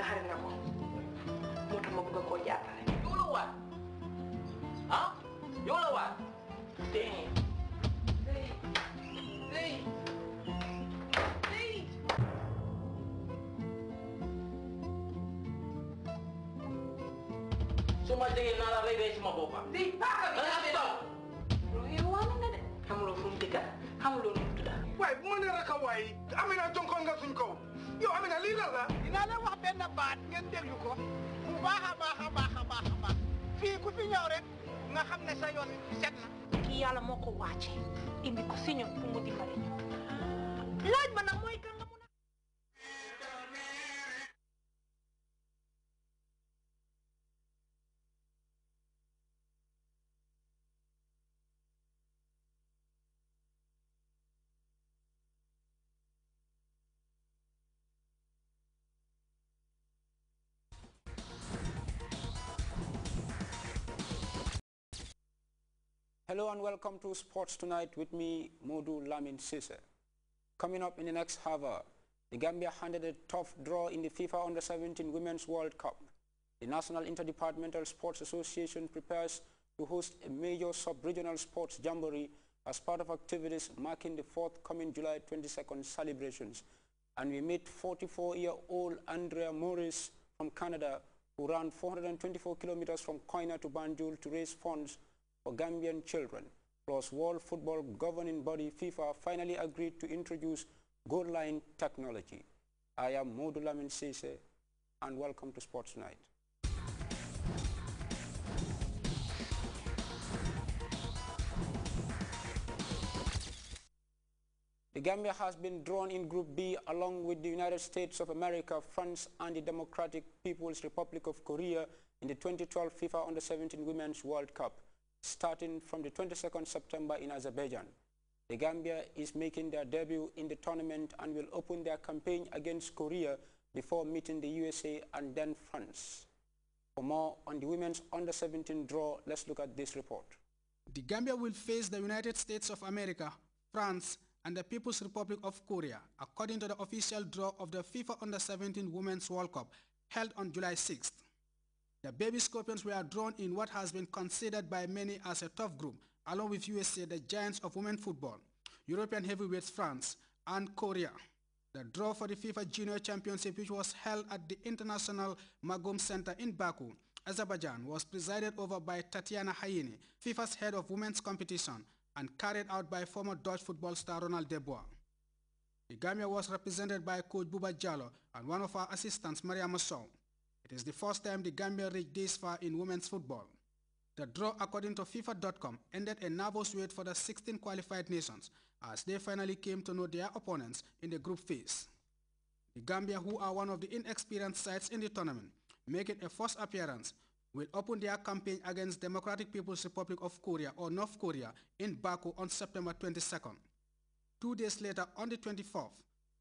na harin ako. Mutang magugago yata. Yulawa! Ha? Yulawa! Dang! Sumatingin na lang rin sa mga bupa. Di, baka! Ano ito? Bro, iwanan na din. Kamulo, kung tika. Kamulo, nung tuda. Wait, manira ka, wait! Amin na, jongkong nga sun ko! yow Amina lii lan la. dinaa leen wax benn baat ngeen déglu ko bu baax a baax a fii ku fi ñëw rek nga xam ne sa yoon moo ko wàcce indi ko si ñun pour mu dimbale ñu. laaj ma nag mooy kan. Hello and welcome to Sports Tonight with me, Modu Lamin Sise. Coming up in the next half hour, the Gambia handed a tough draw in the FIFA Under-17 Women's World Cup. The National Interdepartmental Sports Association prepares to host a major sub-regional sports jamboree as part of activities marking the forthcoming July 22nd celebrations. And we meet 44-year-old Andrea Morris from Canada who ran 424 kilometers from Koina to Banjul to raise funds for Gambian children, plus World Football Governing Body FIFA finally agreed to introduce goal line technology. I am Modulamin Sese, and welcome to Sports Night. The Gambia has been drawn in Group B along with the United States of America, France and the Democratic People's Republic of Korea in the 2012 FIFA Under-17 Women's World Cup starting from the 22nd September in Azerbaijan. The Gambia is making their debut in the tournament and will open their campaign against Korea before meeting the USA and then France. For more on the women's under-17 draw, let's look at this report. The Gambia will face the United States of America, France, and the People's Republic of Korea, according to the official draw of the FIFA Under-17 Women's World Cup, held on July 6th. The baby scorpions were drawn in what has been considered by many as a tough group, along with USA, the giants of women football, European heavyweights France, and Korea. The draw for the FIFA Junior Championship, which was held at the International Magom Center in Baku, Azerbaijan, was presided over by Tatiana Hayini, FIFA's head of women's competition, and carried out by former Dutch football star Ronald De Boer. The Gambia was represented by coach Buba Jallo and one of our assistants, Maria Masson. It is the first time the Gambia reached this far in women's football. The draw, according to FIFA.com, ended a nervous wait for the 16 qualified nations as they finally came to know their opponents in the group phase. The Gambia, who are one of the inexperienced sides in the tournament, making a first appearance, will open their campaign against Democratic People's Republic of Korea or North Korea in Baku on September 22nd. Two days later, on the 24th,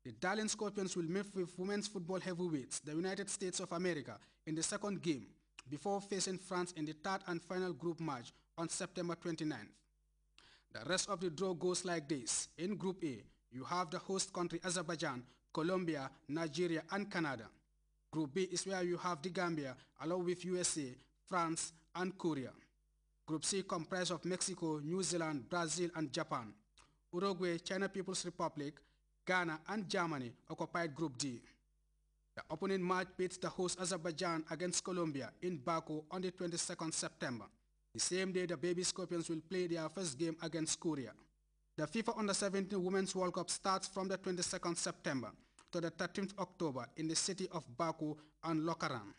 the Darling Scorpions will meet with women's football heavyweights, the United States of America, in the second game before facing France in the third and final group match on September 29th. The rest of the draw goes like this. In Group A, you have the host country Azerbaijan, Colombia, Nigeria and Canada. Group B is where you have the Gambia along with USA, France and Korea. Group C comprises of Mexico, New Zealand, Brazil and Japan. Uruguay, China People's Republic, Ghana and Germany occupied Group D. The opening match pits the host Azerbaijan against Colombia in Baku on the 22nd September, the same day the Baby Scorpions will play their first game against Korea. The FIFA Under-17 Women's World Cup starts from the 22nd September to the 13th October in the city of Baku and Lokaran.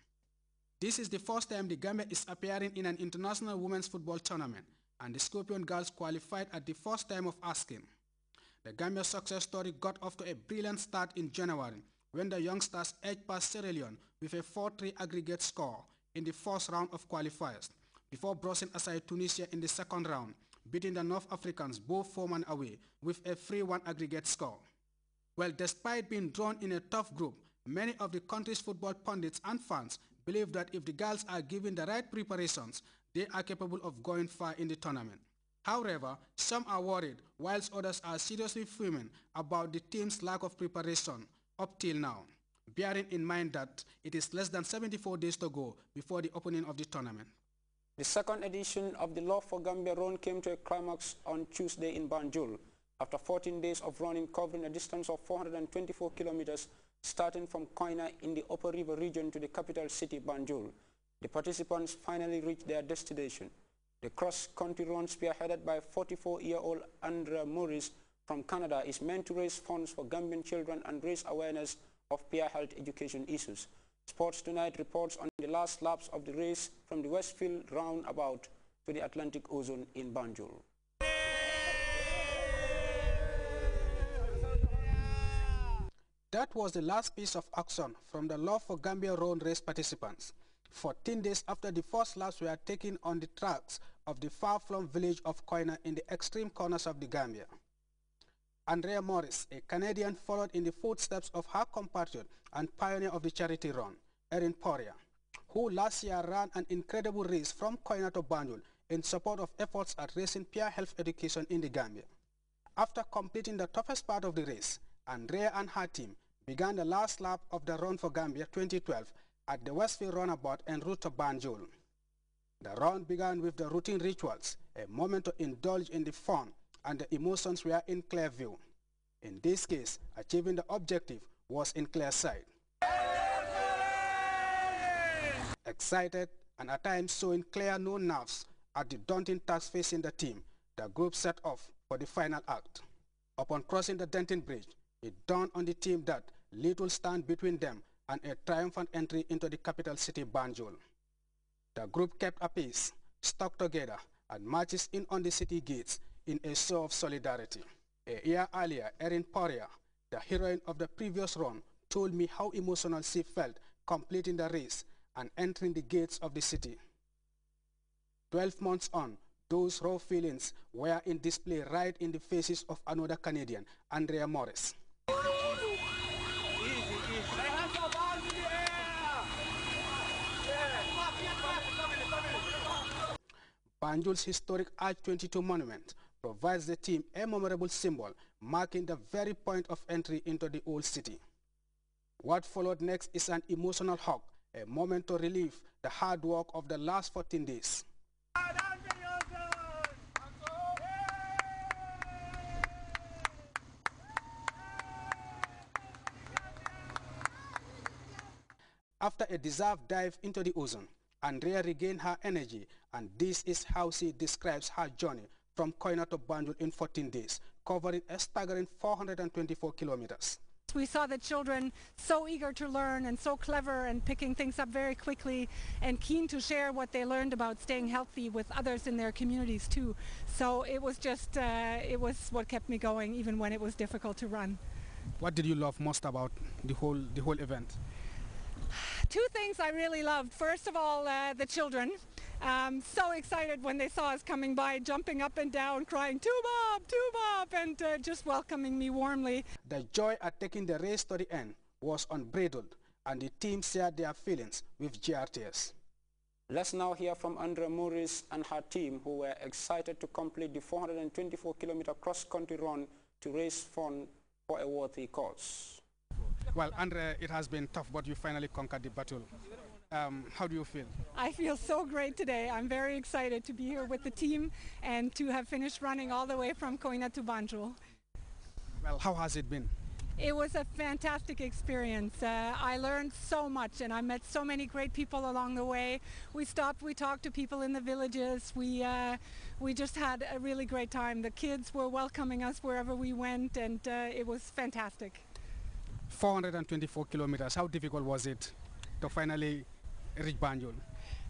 This is the first time the Gambia is appearing in an international women's football tournament, and the Scorpion girls qualified at the first time of asking. The Gambia success story got off to a brilliant start in January when the youngsters edged past Sierra Leone with a 4-3 aggregate score in the first round of qualifiers, before brushing aside Tunisia in the second round, beating the North Africans both home and away with a 3-1 aggregate score. Well, despite being drawn in a tough group, many of the country's football pundits and fans believe that if the girls are given the right preparations, they are capable of going far in the tournament. However, some are worried, whilst others are seriously fuming about the team's lack of preparation up till now, bearing in mind that it is less than 74 days to go before the opening of the tournament. The second edition of the Love for Gambia Run came to a climax on Tuesday in Banjul, after 14 days of running covering a distance of 424 kilometers, starting from Koina in the Upper River region to the capital city, Banjul. The participants finally reached their destination. The cross-country run spearheaded by 44-year-old Andrea Morris from Canada is meant to raise funds for Gambian children and raise awareness of peer health education issues. Sports Tonight reports on the last laps of the race from the Westfield roundabout to the Atlantic Ozone in Banjul. That was the last piece of action from the Love for Gambia Road race participants. 14 days after the first laps were taken on the tracks of the far-flung village of Koina in the extreme corners of the Gambia. Andrea Morris, a Canadian, followed in the footsteps of her compatriot and pioneer of the charity run, Erin Poria, who last year ran an incredible race from Koina to Banjul in support of efforts at raising peer health education in the Gambia. After completing the toughest part of the race, Andrea and her team began the last lap of the Run for Gambia 2012 at the Westfield Runabout en route to Banjul. The round began with the routine rituals, a moment to indulge in the fun and the emotions were in clear view. In this case, achieving the objective was in clear sight. Excited and at times showing clear no nerves at the daunting task facing the team, the group set off for the final act. Upon crossing the Denton Bridge, it dawned on the team that little stand between them and a triumphant entry into the capital city Banjul. The group kept apace, stuck together, and marches in on the city gates in a show of solidarity. A year earlier, Erin Poria, the heroine of the previous run, told me how emotional she felt completing the race and entering the gates of the city. Twelve months on, those raw feelings were in display right in the faces of another Canadian, Andrea Morris. Easy, easy. Banjul's historic Arch 22 monument provides the team a memorable symbol marking the very point of entry into the old city. What followed next is an emotional hug, a moment to relieve the hard work of the last 14 days. After a deserved dive into the ocean, Andrea regained her energy, and this is how she describes her journey from Koina to Banjul in 14 days, covering a staggering 424 kilometers. We saw the children so eager to learn and so clever and picking things up very quickly and keen to share what they learned about staying healthy with others in their communities too. So it was just, uh, it was what kept me going even when it was difficult to run. What did you love most about the whole, the whole event? two things I really loved. First of all, uh, the children. Um, so excited when they saw us coming by, jumping up and down, crying, "Two Bob, Two Bob," and uh, just welcoming me warmly. The joy at taking the race to the end was unbridled, and the team shared their feelings with GRTS. Let's now hear from Andrea Morris and her team who were excited to complete the 424 kilometer cross-country run to raise funds for a worthy cause. Well, Andre, it has been tough, but you finally conquered the battle. Um, how do you feel? I feel so great today. I'm very excited to be here with the team and to have finished running all the way from Koina to Banjul. Well, how has it been? It was a fantastic experience. Uh, I learned so much and I met so many great people along the way. We stopped, we talked to people in the villages. We, uh, we just had a really great time. The kids were welcoming us wherever we went and uh, it was fantastic. 424 kilometers. How difficult was it to finally reach Banjul?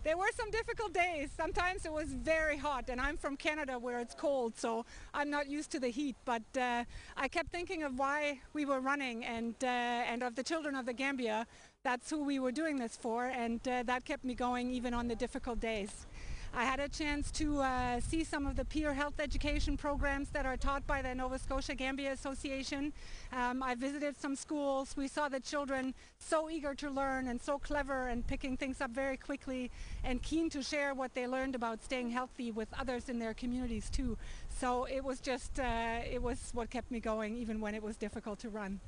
There were some difficult days. Sometimes it was very hot, and I'm from Canada where it's cold, so I'm not used to the heat. But uh, I kept thinking of why we were running and, uh, and of the children of the Gambia. That's who we were doing this for, and uh, that kept me going even on the difficult days. I had a chance to uh, see some of the peer health education programs that are taught by the Nova Scotia Gambia Association. Um, I visited some schools. We saw the children so eager to learn and so clever and picking things up very quickly and keen to share what they learned about staying healthy with others in their communities too. So it was just, uh, it was what kept me going even when it was difficult to run.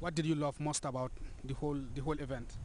What did you love most about the whole, the whole event?